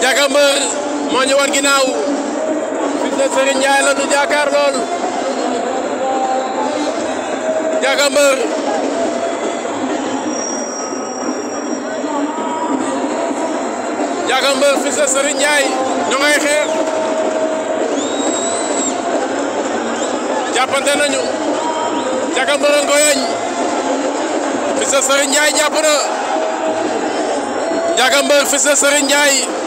Diaga Mbeur moo ñu wan ginnaaw Fils de Serigne Ndiaye la ñu jaakaar lool Diaga Mbeur Diaga Mbeur Fils de ngay xeex jàppante nañu Diaga ngoyeñ Fils de Serigne Ndiaye jàpp na Diaga Mbeur Fils de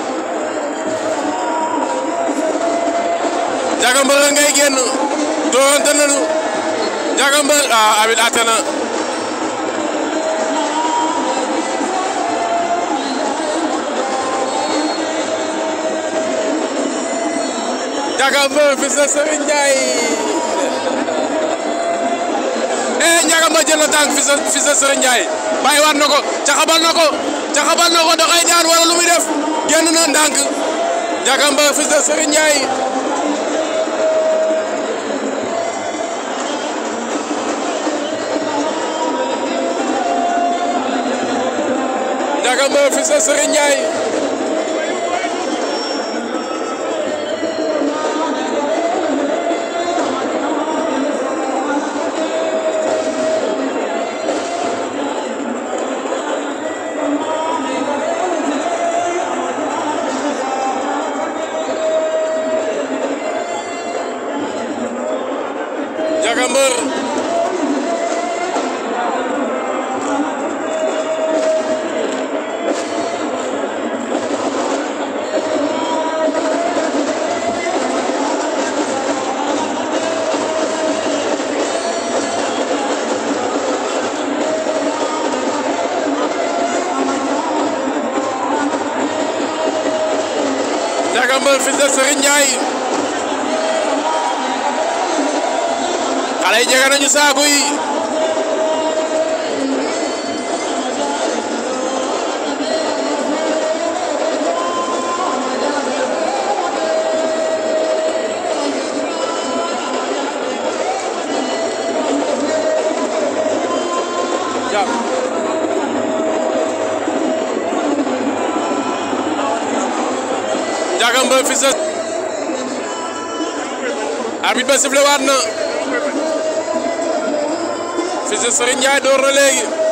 Ndiaga Mbeur génn doonte nañu Ndiaga Mbeur ah abit àtte na Ndiaga Mbeur fils de Serigne Ndiaye eh Ndiaga Mbeur jël na tànk fils na ko caxabal na ko caxabal na ko da koy daan wala lu muy génn na ndànk Ndiaga Mbeur fils de Ndiaga Mbeur fils de Serigne yëmbal fils de Serigne Ndiaye xale yi jege nañu saaku yi Samba Fils de. arbitre ba sifflé waat na Fils de Serigne Ndiaye door na léegi.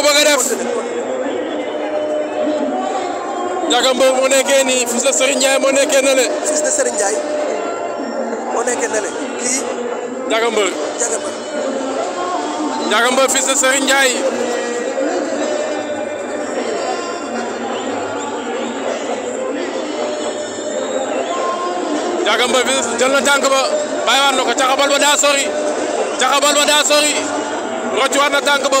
ko bëgg a def Ndiaga Mbeur moo nekkee nii fils de Serigne Ndiaye moo kii. Ndiaga Mbeur Ndiaga Mbeur. Ndiaga Mbeur fils de Serigne Ndiaye. Ndiaga Mbeur ko caxabal daa sori caxabal daa sori roccuwaat na tànk ba.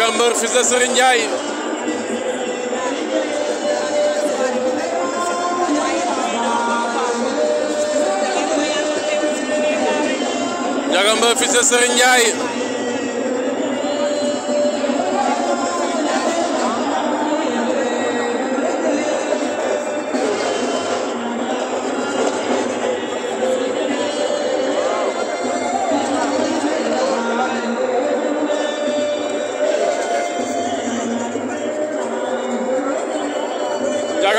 Ndiaga Mbeur fils de Serigne Ndiaye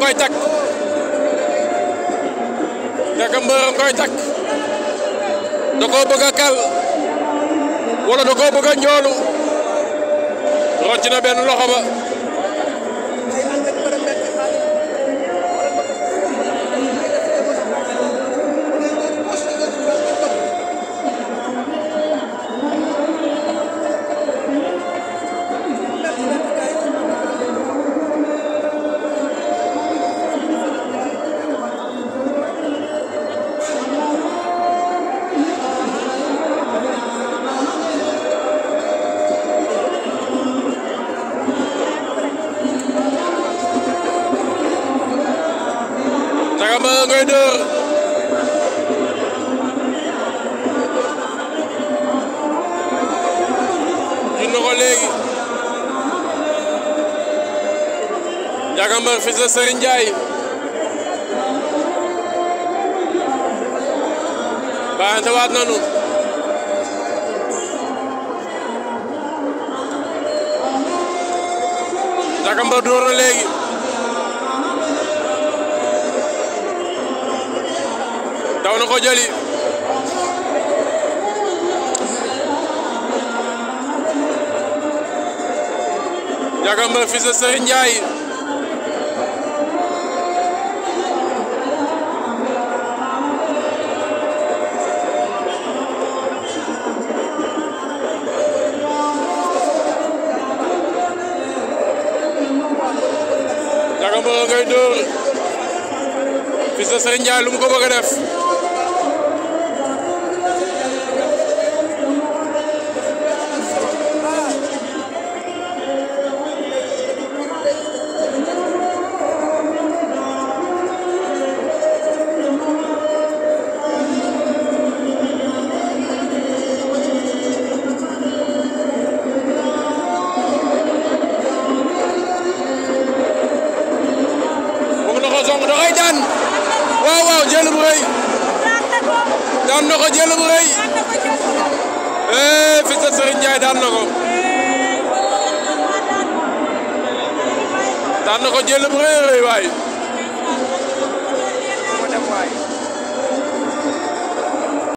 koy takk naka mbëram koy takk da koo bëgg a kal wala da koo a ñoolu rocc na benn loxo Boy 2 in na ko léegi Ndiaga Mbeur fils de Serigne Ndiaye waat nanu Ndiaga Mbeur door na léegi na ko jëli Ndiagamba fils de Serigne Ndiaye Ndiagamba ngay lu mu ko bëgg ko jël bu rëy eh daan na ko daan na ko jël bu rëy waay.